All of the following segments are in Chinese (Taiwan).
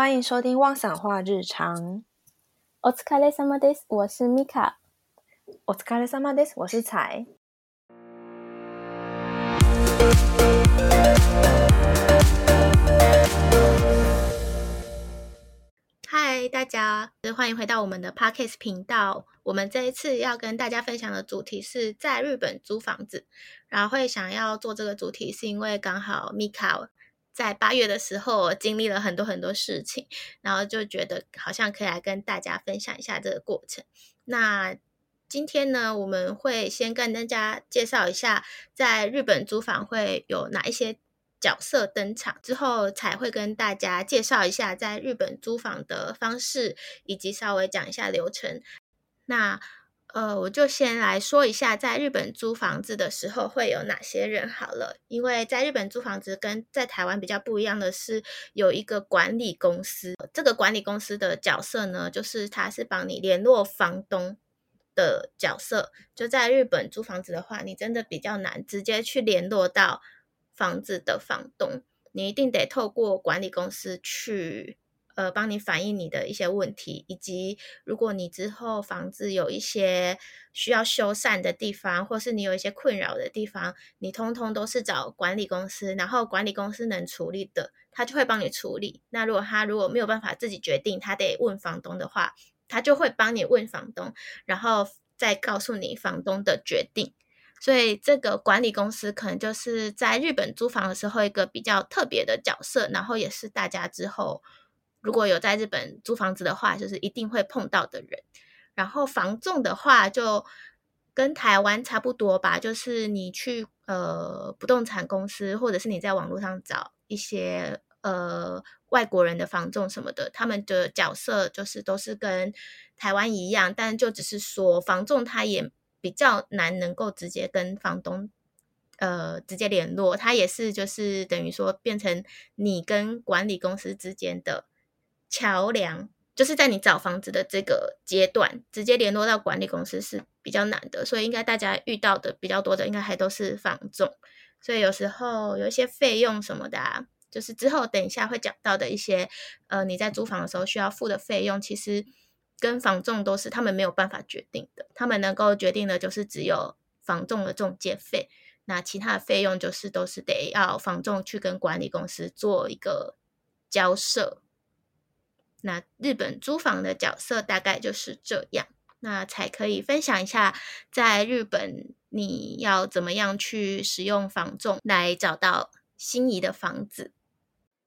歡迎收聽《妄想話日常》。お疲れ様です，我是 Mika。お疲れ様です，我是采。嗨，大家，歡迎回到我們的 Podcast 頻道。我們這一次要跟大家分享的主題是在日本租房子。然後會想要做這個主題，是因為剛好 Mika，在八月的時候，經歷了很多很多事情，然後就覺得好像可以來跟大家分享一下這個過程。那今天呢，我們會先跟大家介紹一下在日本租房會有哪一些角色登場，之後才會跟大家介紹一下在日本租房的方式，以及稍微講一下流程。那呃，我就先來說一下，在日本租房子的時候會有哪些人好了。因為在日本租房子跟在台灣比較不一樣的是，有一個管理公司。這個管理公司的角色呢，就是他是幫你聯絡房東的角色。就在日本租房子的話，你真的比較難直接去聯絡到房子的房東，你一定得透過管理公司去。呃，幫你反映你的一些問題，以及如果你之後房子有一些需要修繕的地方，或是你有一些困擾的地方，你通通都是找管理公司，然後管理公司能處理的，他就會幫你處理。那如果他如果沒有辦法自己決定，他得問房東的話，他就會幫你問房東，然後再告訴你房東的決定。所以這個管理公司可能就是在日本租房的時候一個比較特別的角色，然後也是大家之後。如果有在日本租房子的話，就是一定會碰到的人。然後房仲的話，就跟台灣差不多吧，就是你去呃不動產公司，或者是你在網絡上找一些呃外國人的房仲什麼的，他們的角色就是都是跟台灣一樣，但就只是說房仲他也比較難能夠直接跟房東呃直接聯絡，他也是就是等於說變成你跟管理公司之間的。橋樑，就是在你找房子的這個階段，直接聯絡到管理公司是比較難的，所以應該大家遇到的比較多的，應該還都是房仲。所以有時候有一些費用什麼的啊，就是之後等一下會講到的一些，呃，你在租房的時候需要付的費用，其實跟房仲都是他們沒有辦法決定的，他們能夠決定的就是只有房仲的中介費，那其他的費用就是都是得要房仲去跟管理公司做一個交涉。那日本租房的角色大概就是這樣，那采可以分享一下，在日本你要怎麼樣去使用房仲來找到心儀的房子？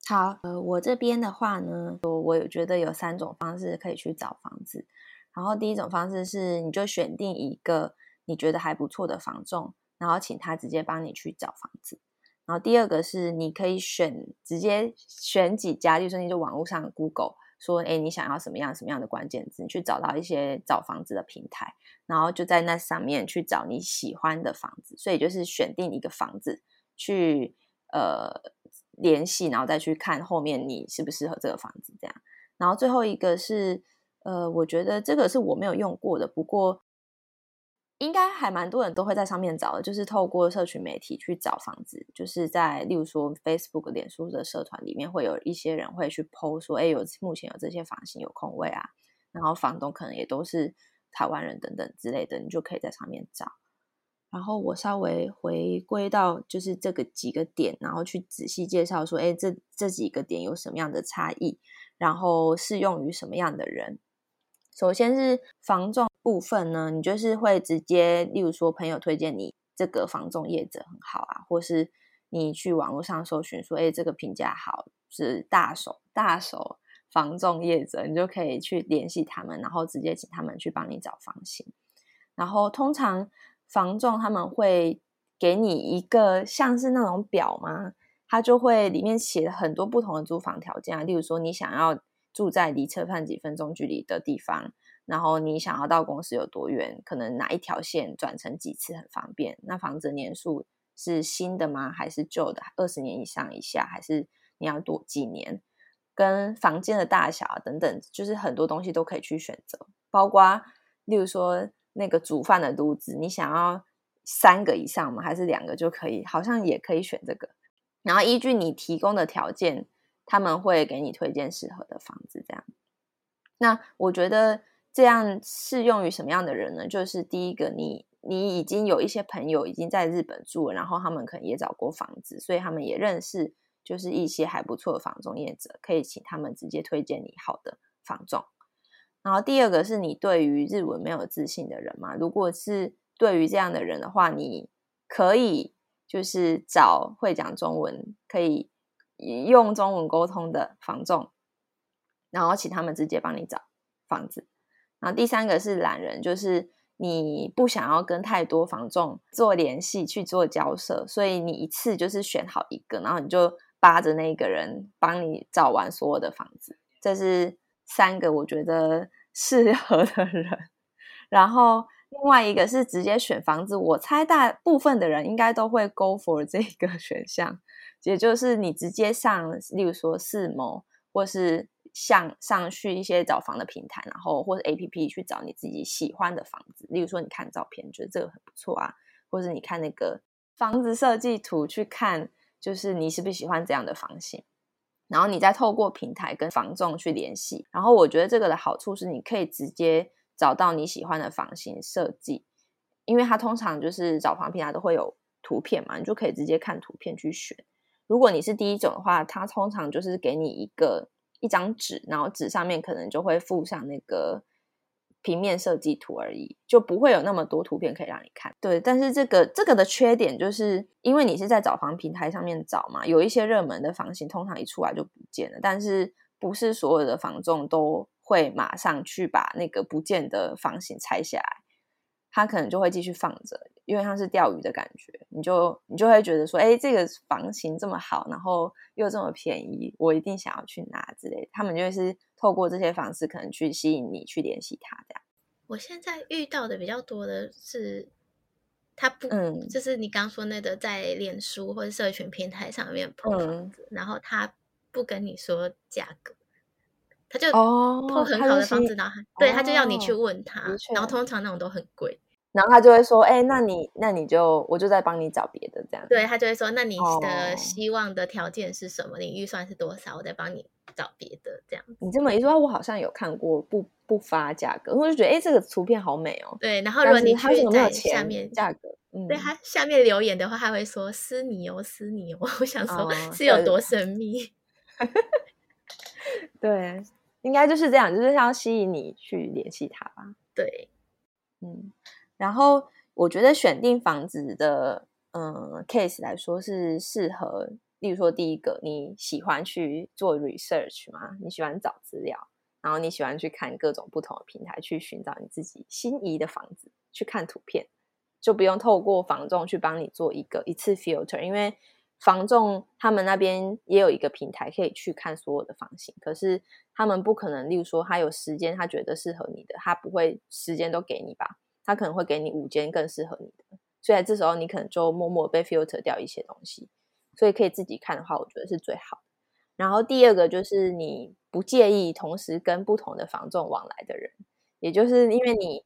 好，呃，我這邊的話呢，我我有覺得有三種方式可以去找房子。然後第一種方式是，你就選定一個你覺得還不錯的房仲，然後請他直接幫你去找房子。然後第二個是，你可以選直接選幾家，例如說你就網絡上 Google。說，誒，你想要什麼樣什麼樣的關鍵字？你去找到一些找房子的平台，然後就在那上面去找你喜歡的房子，所以就是選定一個房子去呃聯繫，然後再去看後面你適不適合這個房子這樣。然後最後一個是，呃，我覺得這個是我沒有用過的，不過。應該還蠻多人都會在上面找的，就是透過社群媒體去找房子，就是在例如說 Facebook、臉書的社團裡面，會有一些人會去 PO 說，哎，有目前有這些房型有空位啊，然後房東可能也都是台灣人等等之類的，你就可以在上面找。然後我稍微回歸到就是這個幾個點，然後去仔細介紹說，哎，這這幾個點有什麼樣的差異，然後適用於什麼樣的人。首先是房仲。部分呢，你就是會直接，例如說朋友推薦你這個房仲業者很好啊，或是你去網絡上搜尋說，哎，這個評價好，是大手大手房仲業者，你就可以去聯繫他們，然後直接請他們去幫你找房型。然後通常房仲他們會給你一個像是那種表嘛，他就會裡面寫很多不同的租房條件啊，例如說你想要住在離車站幾分鐘距離的地方。然後你想要到公司有多遠？可能哪一條線轉乘幾次很方便？那房子年數是新的嗎？還是舊的？二十年以上以下？還是你要多幾年？跟房間的大小啊等等，就是很多東西都可以去選擇，包括例如說那個煮飯的爐子，你想要三個以上嗎？還是兩個就可以？好像也可以選這個。然後依據你提供的條件，他們會給你推薦適合的房子。這樣，那我覺得。這樣適用於什麼樣的人呢？就是第一個你，你你已經有一些朋友已經在日本住了，然後他們可能也找過房子，所以他們也認識，就是一些還不錯的房仲業者，可以請他們直接推薦你好的房仲。然後第二個是你對於日文沒有自信的人嘛？如果是對於這樣的人的話，你可以就是找會講中文、可以用中文溝通的房仲，然後請他們直接幫你找房子。然後第三個是懶人，就是你不想要跟太多房仲做聯繫去做交涉，所以你一次就是選好一個，然後你就扒着那個人幫你找完所有的房子。這是三個我覺得適合的人。然後另外一個是直接選房子，我猜大部分的人應該都會 go for 這個選項，也就是你直接上，例如說 Summo 或是。像上去一些找房的平台，然後或者 APP 去找你自己喜歡的房子，例如說你看照片覺得這個很不錯啊，或者你看那個房子設計圖去看，就是你喜不喜歡這樣的房型，然後你再透過平台跟房仲去聯繫。然後我覺得這個的好處是，你可以直接找到你喜歡的房型設計，因為它通常就是找房平台都會有圖片嘛，你就可以直接看圖片去選。如果你是第一種的話，它通常就是給你一個。一張紙，然後紙上面可能就會附上那個平面設計圖而已，就不會有那麼多圖片可以讓你看。對，但是這個這個的缺點就是，因為你是在找房平台上面找嘛，有一些熱門的房型通常一出來就不見了，但是不是所有的房仲都會馬上去把那個不見的房型拆下來，他可能就會繼續放着。因為它是釣魚的感覺，你就你就會覺得說，哎、欸，這個房型這麼好，然後又這麼便宜，我一定想要去拿之類的。他們就是透過這些方式可能去吸引你去聯繫他這樣。我現在遇到的比較多的是，他不，嗯、就是你剛說那個在臉書或者社群平台上面碰房子，嗯、然後他不跟你說價格，他就哦，碰很好的房子，然後對，他就要你去問他，哦、然後通常那種都很貴。然後他就會說：“哎、欸，那你那你就我就再幫你找別的這樣。對”對他就會說：“那你的希望的條件是什麼？你、oh, 預算是多少？我再幫你找別的這樣。”你這麼一說，我好像有看過不不發價格，我就覺得哎、欸，這個圖片好美哦。對，然後如果你去在下面價格，嗯、對他下面留言的話，他會說私你哦，私你哦。我想說，是有多神秘？Oh, 對， 對，應該就是這樣，就是想吸引你去聯繫他吧。對，嗯。然後我覺得選定房子的，嗯，case 來說是適合，例如說第一個，你喜歡去做 research 嗎？你喜歡找資料，然後你喜歡去看各種不同的平台去尋找你自己心儀的房子，去看圖片，就不用透過房仲去幫你做一個一次 filter，因為房仲他們那邊也有一個平台可以去看所有的房型，可是他們不可能，例如說他有時間，他覺得適合你的，他不會時間都給你吧。他可能會給你五間更適合你的，所以這時候你可能就默默被 filter 掉一些東西，所以可以自己看的話，我覺得是最好的。然後第二個就是你不介意同時跟不同的房仲往來的人，也就是因為你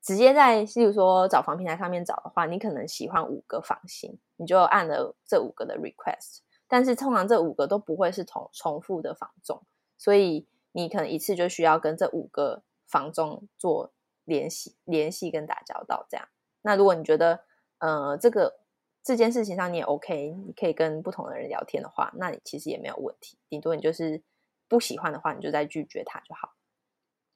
直接在，譬如說找房平台上面找的話，你可能喜歡五個房型，你就按了這五個的 request，但是通常這五個都不會是重複的房仲，所以你可能一次就需要跟這五個房仲做。聯繫、聯繫跟打交道這樣。那如果你覺得，呃，這個這件事情上你也 OK，你可以跟不同的人聊天的話，那你其實也沒有問題。頂多你就是不喜歡的話，你就再拒絕他就好。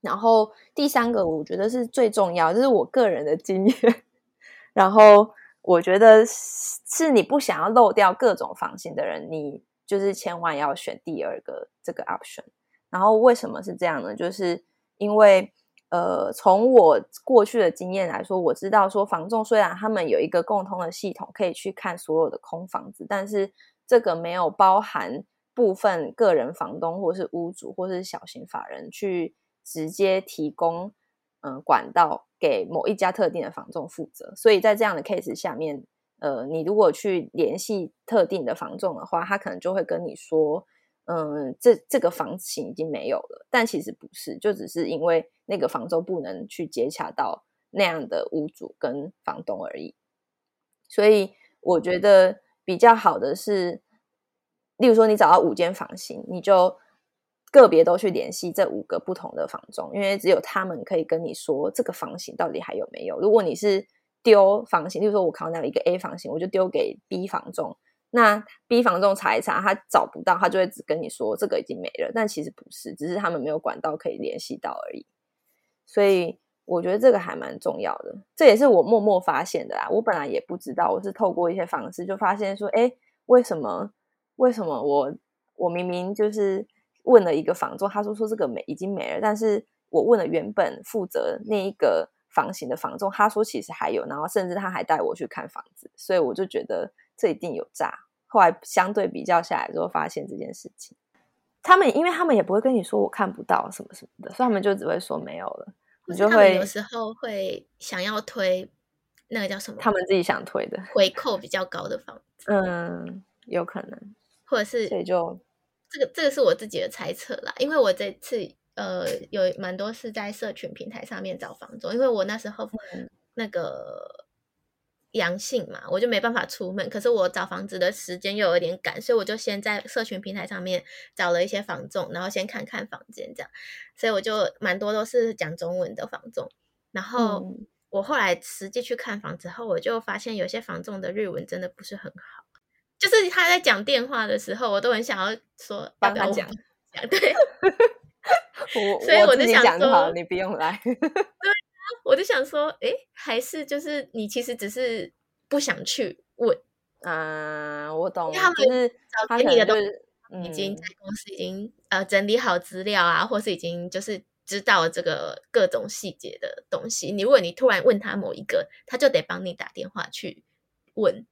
然後第三個，我覺得是最重要，就是我個人的經驗。 然後我覺得是你不想要漏掉各種房型的人，你就是千萬要選第二個這個 option。然後為什麼是這樣呢？就是因為。呃，從我過去的經驗來說，我知道說房仲雖然他們有一個共通的系統，可以去看所有的空房子，但是這個沒有包含部分個人房東或是屋主或是小型法人去直接提供，嗯、呃，管道給某一家特定的房仲負責。所以在這樣的 case 下面，呃，你如果去聯繫特定的房仲的話，他可能就會跟你說。嗯，這這個房型已經沒有了，但其實不是，就只是因為那個房仲不能去接洽到那樣的屋主跟房東而已。所以我覺得比較好的是，例如說你找到五間房型，你就個別都去聯繫這五個不同的房仲，因為只有他們可以跟你說這個房型到底還有沒有。如果你是丟房型，例如說我考到了一個 A 房型，我就丟給 B 房仲。那 B 房仲查一查，他找不到，他就會只跟你說這個已經沒了。但其實不是，只是他們沒有管道可以聯繫到而已。所以我覺得這個還蠻重要的，這也是我默默發現的啦。我本來也不知道，我是透過一些方式就發現說，哎，為什麼？為什麼我我明明就是問了一個房仲，他說說這個沒已經沒了，但是我問了原本負責那一個房型的房仲，他說其實還有，然後甚至他還帶我去看房子，所以我就覺得。這一定有詐。後來相對比較下來之後，發現這件事情，他們因為他們也不會跟你說我看不到什麼什麼的，所以他們就只會說沒有了。他們有時候會想要推那個叫什麼？他們自己想推的回扣比較高的房子，嗯，有可能，或者是所以就這個這個是我自己的猜測啦，因為我這次呃有蠻多是在社群平台上面找房仲，因為我那時候那個。嗯陽性嘛，我就沒辦法出門。可是我找房子的時間又有點趕，所以我就先在社群平台上面找了一些房仲，然後先看看房間這樣。所以我就蠻多都是講中文的房仲。然後我後來實際去看房子後，我就發現有些房仲的日文真的不是很好，就是他在講電話的時候，我都很想要說幫他講，對， 我所以我就想說好，你不用來。 我就想說，哎，還是就是你其實只是不想去問啊，我懂，因為他們找給你的東西，就是嗯、已經在公司已經呃整理好資料啊，或是已經就是知道這個各種細節的東西。你問，你突然問他某一個，他就得幫你打電話去問，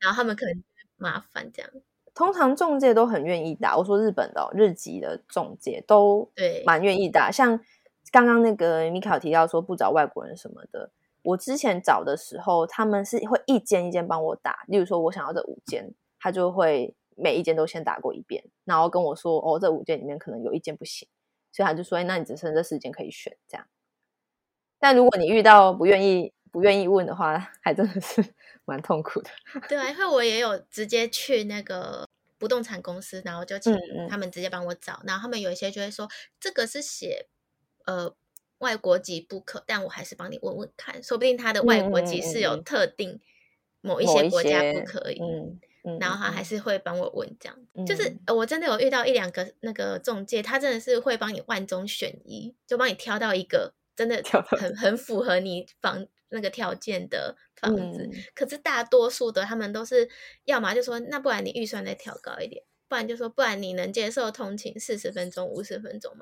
然後他們可能麻煩這樣。通常中介都很願意打，我說日本的，哦，日籍的中介都對蠻願意打，對像。剛剛那個米卡提到說不找外國人什麼的，我之前找的時候，他們是會一間一間幫我打，例如說我想要這五間，他就會每一間都先打過一遍，然後跟我說哦，這五間裡面可能有一間不行，所以他就說，哎，那你只剩這四間可以選這樣。但如果你遇到不願意不願意問的話，還真的是蠻痛苦的。對，因為我也有直接去那個不動產公司，然後就請他們直接幫我找，嗯嗯，然後他們有一些就會說這個是寫。呃，外國籍不可，但我還是幫你問問看，說不定他的外國籍是有特定某一些國家不可以。嗯，嗯嗯嗯，然後他還是會幫我問這樣，嗯嗯、就是、呃、我真的有遇到一兩個那個中介，他真的是會幫你萬中選一，就幫你挑到一個真的很到很符合你房那個條件的房子。嗯、可是大多數的他們都是，要嘛是，要麼就說，那不然你預算再調高一點，不然就說，不然你能接受通勤四十分鐘五十分鐘嗎？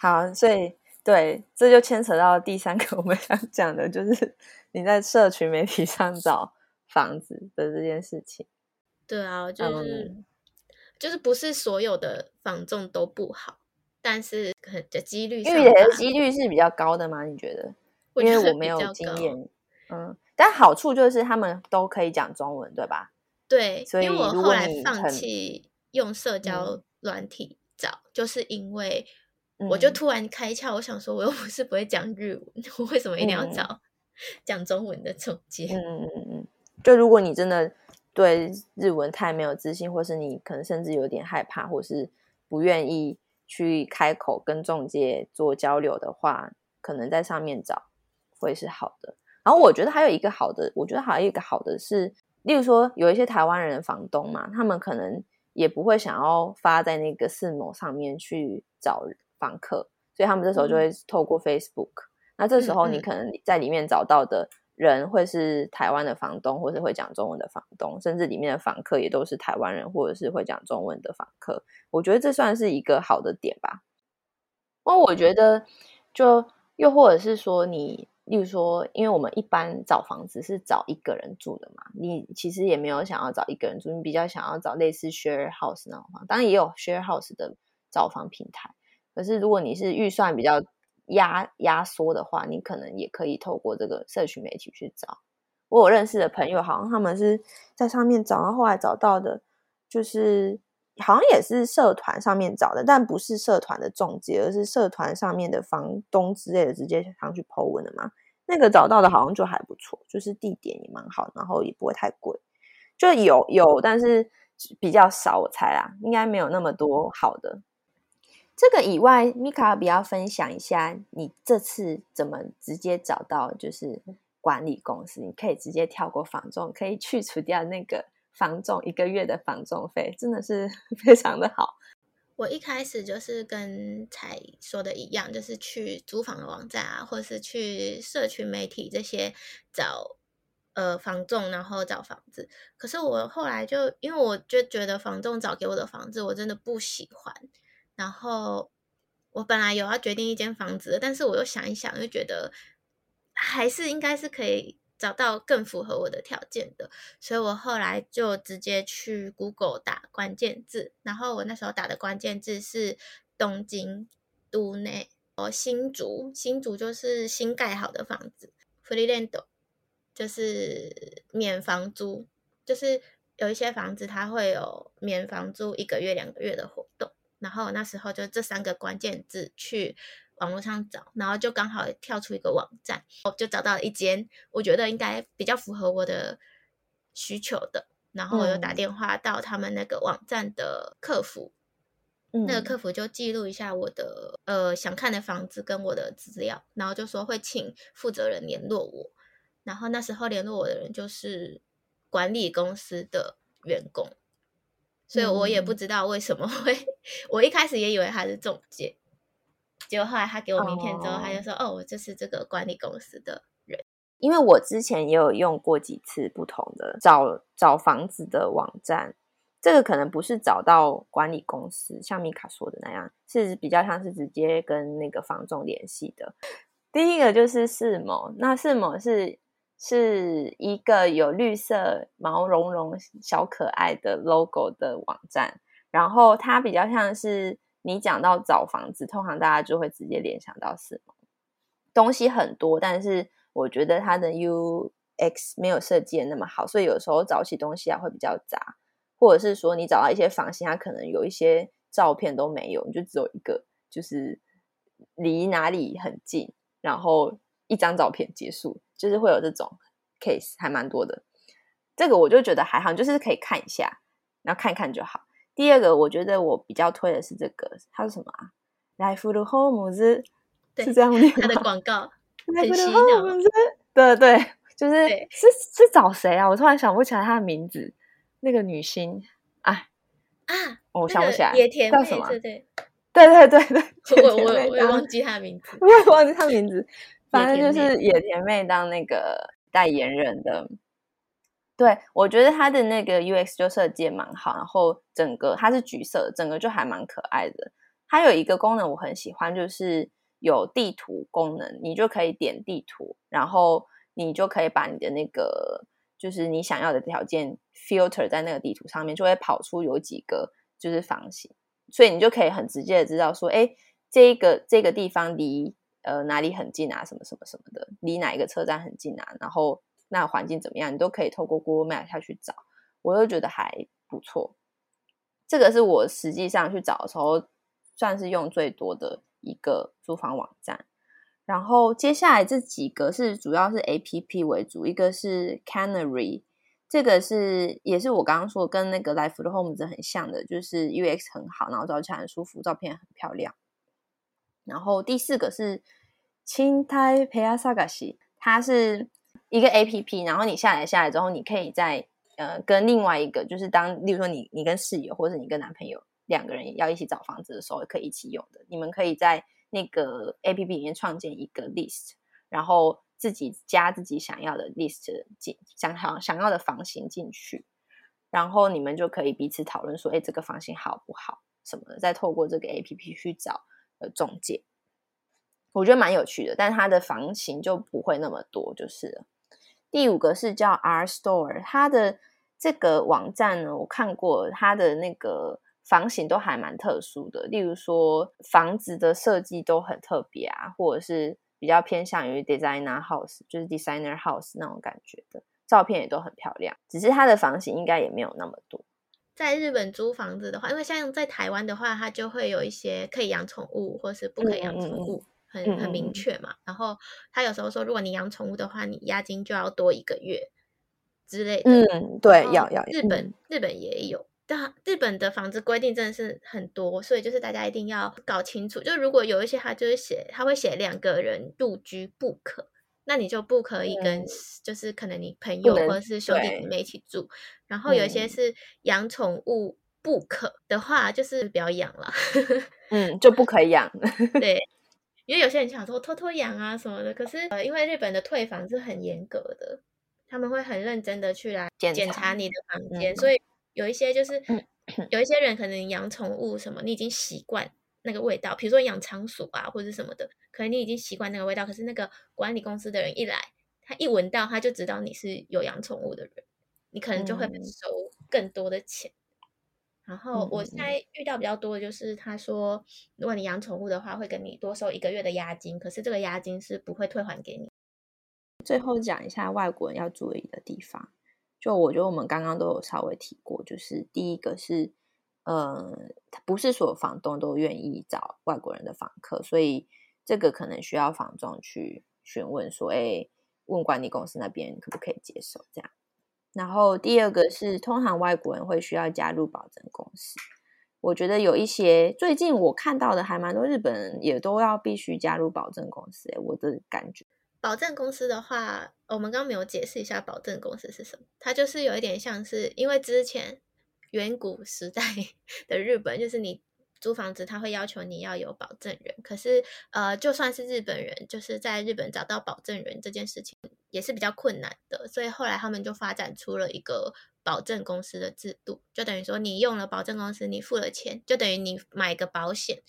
好，所以。對，這就牽扯到第三個我們想講的，就是你在社群媒體上找房子的這件事情。對啊，就是、嗯、就是不是所有的房仲都不好，但是可能的幾率的，的幾率是比較高的嗎？你覺得？我覺得比較，因為我沒有經驗，嗯，但好處就是他們都可以講中文，對吧？對，所以因為我後來放棄用社交軟體找，嗯、就是因為。我就突然開竅，嗯、我想說，我又不是不會講日文，我為什麼一定要找講中文的中介？嗯嗯嗯嗯，就如果你真的對日文太沒有自信，嗯、或是你可能甚至有點害怕，或是不願意去開口跟中介做交流的話，可能在上面找會是好的。然後我覺得還有一個好的，我覺得還有一個好的是，例如說有一些台灣人的房東嘛，他們可能也不會想要發在那個 Summo 上面去找人。房客，所以他們這時候就會透過 Facebook、嗯。那這時候你可能在裡面找到的人會是台灣的房東，或是會講中文的房東，甚至裡面的房客也都是台灣人，或者是會講中文的房客。我覺得這算是一個好的點吧。哦，我覺得就又或者是說你，你例如說，因為我們一般找房子是找一個人住的嘛，你其實也沒有想要找一個人住，你比較想要找類似 Share House 那種房，當然也有 Share House 的找房平台。可是，如果你是預算比較壓壓縮的話，你可能也可以透過這個社群媒體去找。我有認識的朋友，好像他們是在上面找，然後後來找到的，就是好像也是社團上面找的，但不是社團的仲介，而是社團上面的房東之類的直接上去 PO 文的嘛。那個找到的好像就還不錯，就是地點也蠻好，然後也不會太貴，就有有，但是比較少，我猜啊，應該沒有那麼多好的。這個以外，米卡比要分享一下，你這次怎麼直接找到就是管理公司？你可以直接跳過房仲，可以去除掉那個房仲一個月的房仲費，真的是非常的好。我一開始就是跟采說的一樣，就是去租房的網站啊，或是去社群媒體這些找呃房仲，然後找房子。可是我後來就因為我就覺得房仲找給我的房子，我真的不喜歡。然後我本來有要決定一間房子，但是我又想一想，又覺得還是應該是可以找到更符合我的條件的，所以我後來就直接去 Google 打關鍵字，然後我那時候打的關鍵字是東京都內，哦，新築，新築就是新蓋好的房子，free lando 就是免房租，就是有一些房子它會有免房租一個月兩個月的活動。然後那時候就這三個關鍵字去網絡上找，然後就剛好跳出一個網站，我就找到一間，我覺得應該比較符合我的需求的。然後我就打電話到他們那個網站的客服，嗯、那個客服就記錄一下我的、嗯、呃想看的房子跟我的資料，然後就說會請負責人聯絡我。然後那時候聯絡我的人就是管理公司的員工。所以我也不知道為什麼會，嗯、我一開始也以為他是中介，嗯、結果後來他給我名片之後，他就說：“哦，哦，我就是這個管理公司的人。”因為我之前也有用過幾次不同的找找房子的網站，這個可能不是找到管理公司，像米卡說的那樣，是比較像是直接跟那個房仲聯繫的。第一個就是 Summo，那 Summo 是。是一個有綠色毛茸茸小可愛的 logo 的網站，然後它比較像是你講到找房子，通常大家就會直接聯想到什麼？東西很多，但是我覺得它的 UX 沒有設計的那麼好，所以有時候找起東西啊會比較雜，或者是說你找到一些房型，它可能有一些照片都沒有，你就只有一個，就是離哪裡很近，然後一張照片結束。就是會有這種 case，還蠻多的。這個我就覺得還好，就是可以看一下，然後看一看就好。第二個，我覺得我比較推的是這個，它是什麼啊？Lifull Home's 是是這樣念嗎？他的廣告，Lifull Home's，對對，就是對是是找誰啊？我突然想不起來他的名字，那個女星，啊啊，哦、那個 我想不起來，野田叫什麼？對對對對，我我我也忘記他的名字，我也忘記他名字。就是野田妹當那個代言人的對，對我覺得他的那個 UX 就設計蠻好，然後整個它是橘色，整個就還蠻可愛的。它有一個功能我很喜歡，就是有地圖功能，你就可以點地圖，然後你就可以把你的那個就是你想要的條件 filter 在那個地圖上面，就會跑出有幾個就是房型，所以你就可以很直接的知道說，哎，這個這個地方離。呃，哪裡很近啊？什麼什麼什麼的，離哪一個車站很近啊？然後那環境怎麼樣？你都可以透過 Google Map 下去找，我又覺得還不錯。這個是我實際上去找的時候，算是用最多的一個租房網站。然後接下來這幾個是主要是 A P P 為主，一個是 Canary，這個是也是我剛剛說的跟那個 Lifull homes 真的很像的，就是 U X 很好，然後照起來很舒服，照片很漂亮。然後第四個是 Chintai ぺや探し，它是一個 A P P。然後你下載下來之後，你可以在呃跟另外一個，就是當，例如說你你跟室友或者你跟男朋友兩個人要一起找房子的時候，可以一起用的。你們可以在那個 A P P 裡面創建一個 list，然後自己加自己想要的 list 進，想好想要的房型進去，然後你們就可以彼此討論說，哎，這個房型好不好，什麼的，再透過這個 A P P 去找。的中介，我覺得蠻有趣的，但它的房型就不會那麼多，就是了。第五個是叫 R Store，它的這個網站呢，我看過，它的那個房型都還蠻特殊的，例如說房子的設計都很特別啊，或者是比較偏向於 designer house，就是 designer house 那種感覺的，照片也都很漂亮。只是它的房型應該也沒有那麼多。在日本租房子的話，因為像在台灣的話，它就會有一些可以養寵物或是不可以養寵物，嗯、很很明確嘛。嗯、然後他有時候說，如果你養寵物的話，你押金就要多一個月之類的。嗯，對，要要。日本、嗯、日本也有，但日本的房子規定真的是很多，所以就是大家一定要搞清楚。就如果有一些他就是寫，他會寫兩個人入居不可。那你就不可以跟，嗯、就是可能你朋友或者是兄弟姐妹一起住，然後有一些是養寵物不可的話，嗯、就是不要養了。 嗯，就不可以養。 對，因為有些人想說偷偷養啊什麼的，可是呃，因為日本的退房是很嚴格的，他們會很認真的去來檢查你的房間，嗯、所以有一些就是 有一些人可能養寵物什麼，你已經習慣。那個味道，比如說養倉鼠啊或者什麼的，可能你已經習慣那個味道。可是那個管理公司的人一來，他一聞到他就知道你是有養寵物的人，你可能就會收更多的錢。嗯、然後我現在遇到比較多的就是，他說、嗯、如果你養寵物的話，會跟你多收一個月的押金，可是這個押金是不會退還給你。最後講一下外國人要注意的地方，就我覺得我們剛剛都有稍微提過，就是第一個是。嗯，不是所有房東都願意找外國人的房客，所以這個可能需要房東去詢問，所以、欸、問管理公司那邊可不可以接受這樣。然後第二個是，通常外國人會需要加入保證公司。我覺得有一些最近我看到的還蠻多，日本人也都要必須加入保證公司、欸。我的感覺，保證公司的話，我們剛剛沒有解釋一下保證公司是什麼，它就是有一點像是因為之前。遠古時代的日本，就是你租房子，他會要求你要有保證人。可是，呃，就算是日本人，就是在日本找到保證人這件事情也是比較困難的。所以後來他們就發展出了一個保證公司的制度，就等於說你用了保證公司，你付了錢，就等於你買個保險。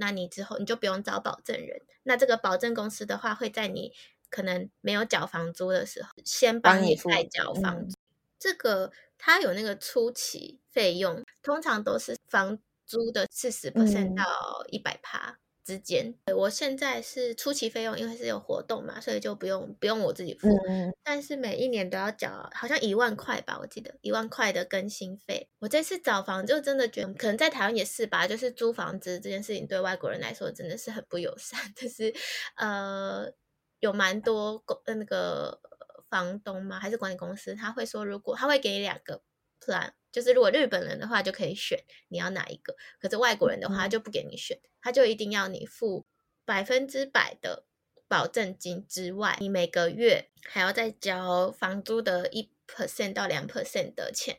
那你之後你就不用找保證人。那這個保證公司的話，會在你可能沒有繳房租的時候，先幫你代繳房租。嗯、這個。它有那個初期費用，通常都是房租的四十 percent 到一百趴之間。嗯，我現在是初期費用，因為是有活動嘛，所以就不用不用我自己付。嗯嗯。但是每一年都要繳，好像一萬塊吧，我記得，一萬塊的更新費。我這次找房就真的覺得，可能在台灣也是吧，就是租房子這件事情對外國人來說真的是很不友善，就是，呃，有蠻多那個。房東嗎？還是管理公司？他會說，如果他會給你兩個 plan，就是如果日本人的話就可以選你要哪一個，可是外國人的話他就不給你選，嗯、他就一定要你付百分之百的保證金之外，你每個月還要再交房租的一 percent 到兩 percent 的錢。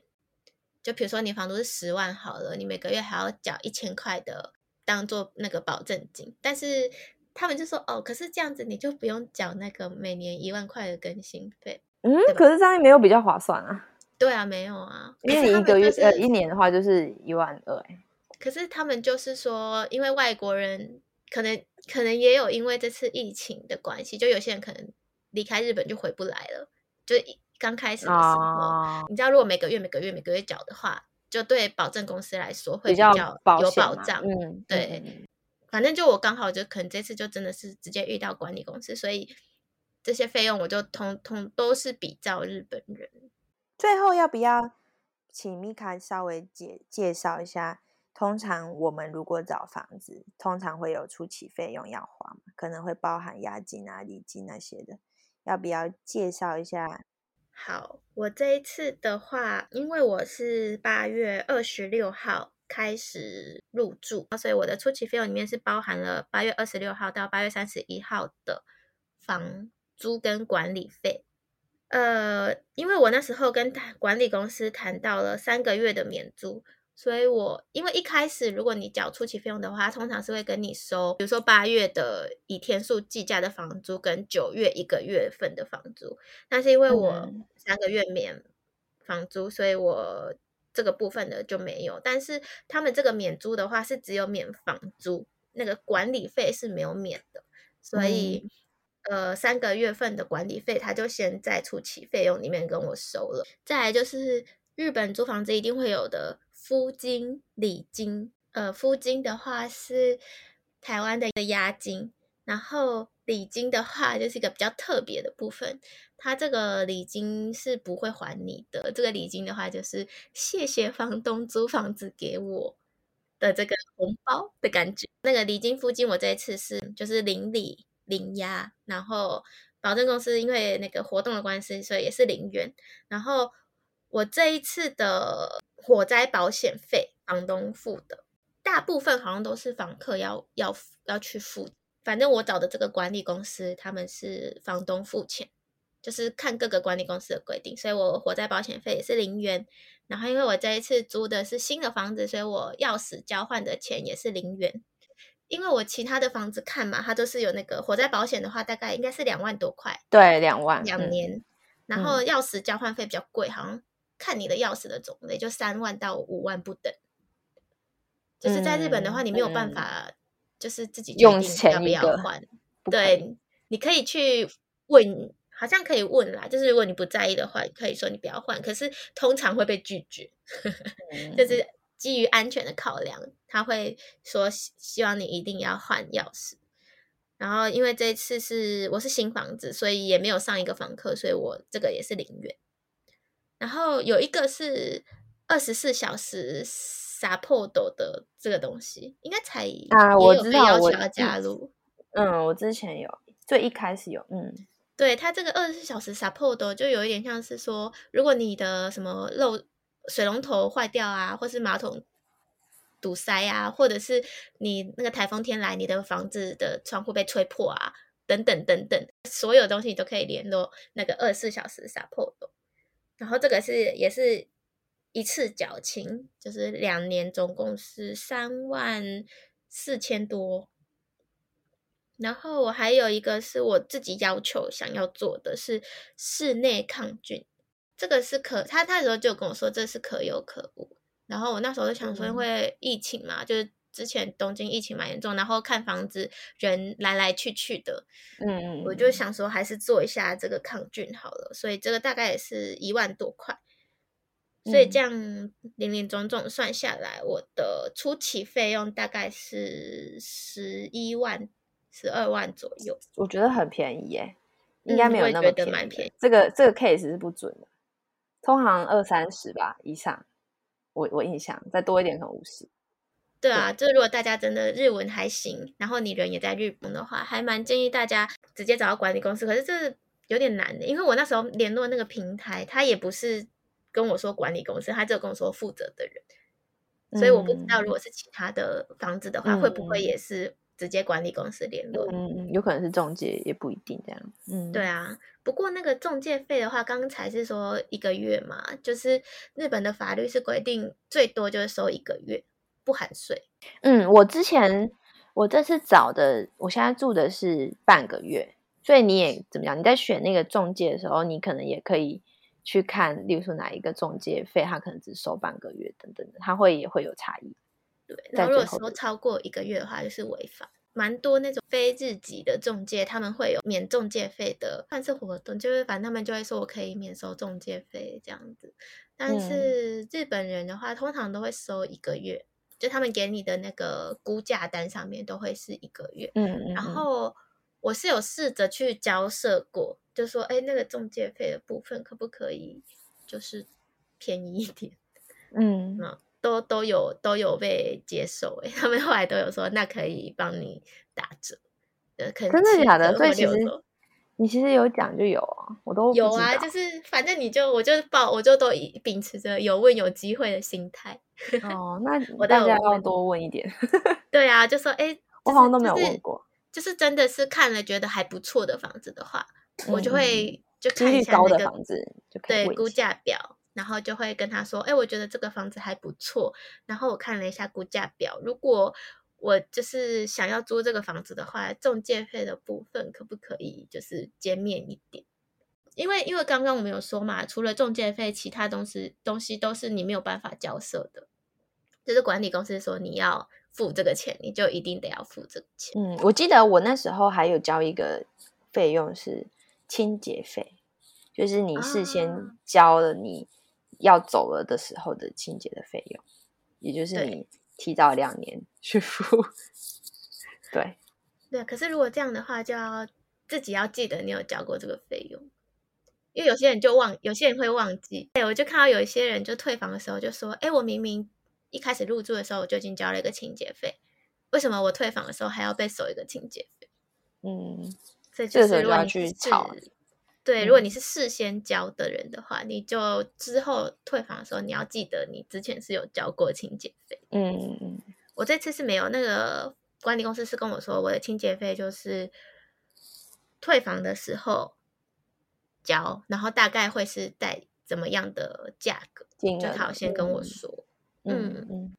就比如說你房租是十萬好了，你每個月還要繳一千塊的當做那個保證金，但是。他們就說：“哦，可是這樣子你就不用繳那個每年一萬塊的更新費。”嗯，吧可是這樣也沒有比較划算啊？對啊，沒有啊，因為你一個月、就是、呃一年的話就是一萬二、欸。可是他們就是說，因為外國人可能可能也有因為這次疫情的關係，就有些人可能離開日本就回不來了。就剛開始的時候，哦、你知道，如果每個月每個月每個月繳的話，就對保證公司來說會比較有保障。嗯，對。嗯嗯反正就我剛好就可能這次就真的是直接遇到管理公司，所以這些費用我就通通都是比照日本人。最後要不要請 Mika 稍微介介紹一下？通常我們如果找房子，通常會有初期費用要花，可能會包含押金啊、禮金那些的，要不要介紹一下？好，我這一次的話，因為我是八月二十六號。開始入住，所以我的初期費用裡面是包含了八月二十六號到八月三十一號的房租跟管理費。呃，因為我那時候跟管理公司談到了三個月的免租，所以我因為一開始如果你繳初期費用的話，通常是會跟你收，比如說八月的以天數計價的房租跟九月一個月份的房租，但是因為我三個月免房租，嗯、所以我。這個部分的就沒有，但是他們這個免租的話是只有免房租，那個管理費是沒有免的，所以、嗯、呃三個月份的管理費他就先在初期費用裡面跟我收了。再來就是日本租房子一定會有的敷金禮金，呃敷金的話是台灣的一個押金，然後，禮金的話，就是一個比較特別的部分，他這個禮金是不會還你的。這個禮金的話，就是謝謝房東租房子給我的這個紅包的感覺。那個禮金、敷金，我這一次是就是零禮零押，然後保證公司因為那個活動的關係，所以也是零元。然後我這一次的火災保險費，房東付的，大部分好像都是房客要要要去付的。反正我找的這個管理公司，他們是房東付錢，就是看各個管理公司的規定。所以，我火災保險費也是零元。然後，因為我這一次租的是新的房子，所以我鑰匙交換的錢也是零元。因為我其他的房子看嘛，它都是有那個火災保險的話，大概應該是兩萬多塊。對，兩萬，兩年。嗯、然後鑰匙交換費比較貴，好像看你的鑰匙的種類，就三萬到五萬不等。就是在日本的話，嗯、你沒有辦法、嗯。就是自己決定要不要換，對，你可以去問，好像可以問啦。就是如果你不在意的話，可以說你不要換，可是通常會被拒絕，嗯、 就是基於安全的考量，他會說希望你一定要換鑰匙。然後因為這次是我是新房子，所以也沒有上一個房客，所以我這個也是零元。然後有一個是二十四小時。support 的這個東西應該才有要求啊，我之前有，加入嗯，嗯，我之前有，最一開始有，嗯，對，它這個二十四小時 support 就有一點像是說，如果你的什麼漏水龍頭壞掉啊，或是馬桶堵塞啊，或者是你那個颱風天來，你的房子的窗戶被吹破啊，等等等等，所有東西你都可以聯絡那個二十四小時 support，然後這個是也是，一次繳清就是兩年，總共是三萬四千多。然後我還有一個是我自己要求想要做的是室內抗菌，這個是可他他那時候就跟我說，這是可有可無。然後我那時候就想說因為疫情嘛，嗯、就是之前東京疫情蠻嚴重，然後看房子人來來去去的，嗯嗯，我就想說還是做一下這個抗菌好了，所以這個大概也是一萬多塊。所以這樣林林總總算下來，嗯、我的初期費用大概是十一萬、十二萬左右。我覺得很便宜耶。欸，應該沒有那麼便宜。嗯、我覺得蠻便宜。這個這個 case 是不準的，通常二三十吧以上，我我印象再多一點可能五十。對啊，嗯、就如果大家真的日文還行，然後你人也在日本的話，還蠻建議大家直接找到管理公司。可是這有點難的。欸，因為我那時候聯絡那個平台，他也不是。跟我說管理公司，他就跟我說負責的人，所以我不知道如果是其他的房子的話，嗯、會不會也是直接管理公司聯絡的？嗯，有可能是仲介，也不一定這樣。嗯，對啊。不過那個仲介費的話，剛才是說一個月嘛，就是日本的法律是規定最多就是收一個月，不含稅。嗯，我之前我這次找的，我現在住的是半個月，所以你也怎麼講？你在選那個仲介的時候，你可能也可以去看，例如說哪一個中介費，他可能只收半個月等等，他會也會有差異。對，那如果說超過一個月的話，就是違法。蠻多那種非日籍的中介，他們會有免中介費的泛式活動，就是反正他們就會說我可以免收中介費這樣子。但是日本人的話，嗯、通常都會收一個月，就他們給你的那個估價單上面都會是一個月。嗯，嗯，嗯，然後。我是有試着去交涉過，就說哎、欸，那個中介費的部分可不可以就是便宜一點？嗯，嗯，都都有都有被接受哎，他們後來都有說那可以幫你打折。就是、可真的假的？所以其我說你其實有講就有啊、哦，我都有啊，就是反正你就我就抱我就都秉持着有問有機會的心態。哦，那 我問大家要多問一點。 對啊，就說哎，欸就是、我好像都沒有問過。就是真的是看了覺得還不錯的房子的話，嗯、我就會就看一下那個房子就，對估價表，然後就會跟他說，哎、欸，我覺得這個房子還不錯。然後我看了一下估價表，如果我就是想要租這個房子的話，中介費的部分可不可以就是減免一點？因為因為剛剛我們有說嘛，除了中介費，其他東西東西都是你沒有辦法交涉的，就是管理公司說你要。付這個錢，你就一定得要付這個錢。嗯，我記得我那時候還有交一個費用是清潔費，就是你事先交了你要走了的時候的清潔的費用，哦、也就是你提早兩年去付。對 對，對，可是如果這樣的話，就要自己要記得你有交過這個費用，因為有些人就忘，有些人會忘記。對，我就看到有一些人就退房的時候就說：“哎，我明明。”一開始入住的時候，我就已經交了一個清潔費。為什麼我退房的時候還要被收一個清潔費？嗯，這就是要去吵、啊。對，嗯、如果你是事先交的人的話，你就之後退房的時候，你要記得你之前是有交過清潔費。嗯嗯嗯。我這次是沒有那個管理公司是跟我說，我的清潔費就是退房的時候交，然後大概會是在怎麼樣的價格？額就他先跟我說。嗯嗯，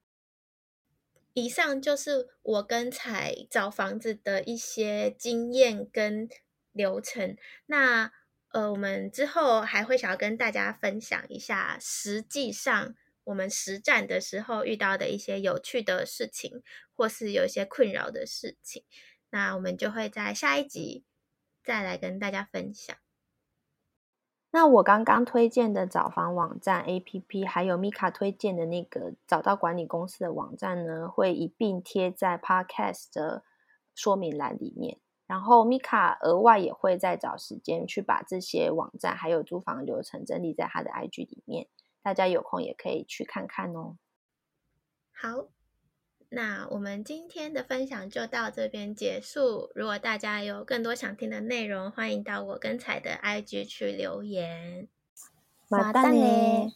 以上就是我跟采找房子的一些經驗跟流程。那呃，我們之後還會想要跟大家分享一下，實際上我們實戰的時候遇到的一些有趣的事情，或是有一些困擾的事情。那我們就會在下一集再來跟大家分享。那我剛剛推薦的找房網站 APP，還有 Mika 推薦的那個找到管理公司的網站呢，會一併貼在 Podcast 的說明欄裡面。然後 Mika 額外也會再找時間去把這些網站還有租房的流程整理在他的 IG 裡面，大家有空也可以去看看哦。好。那我們今天的分享就到這邊結束。如果大家有更多想聽的內容，歡迎到我跟采的 IG 去留言。またね。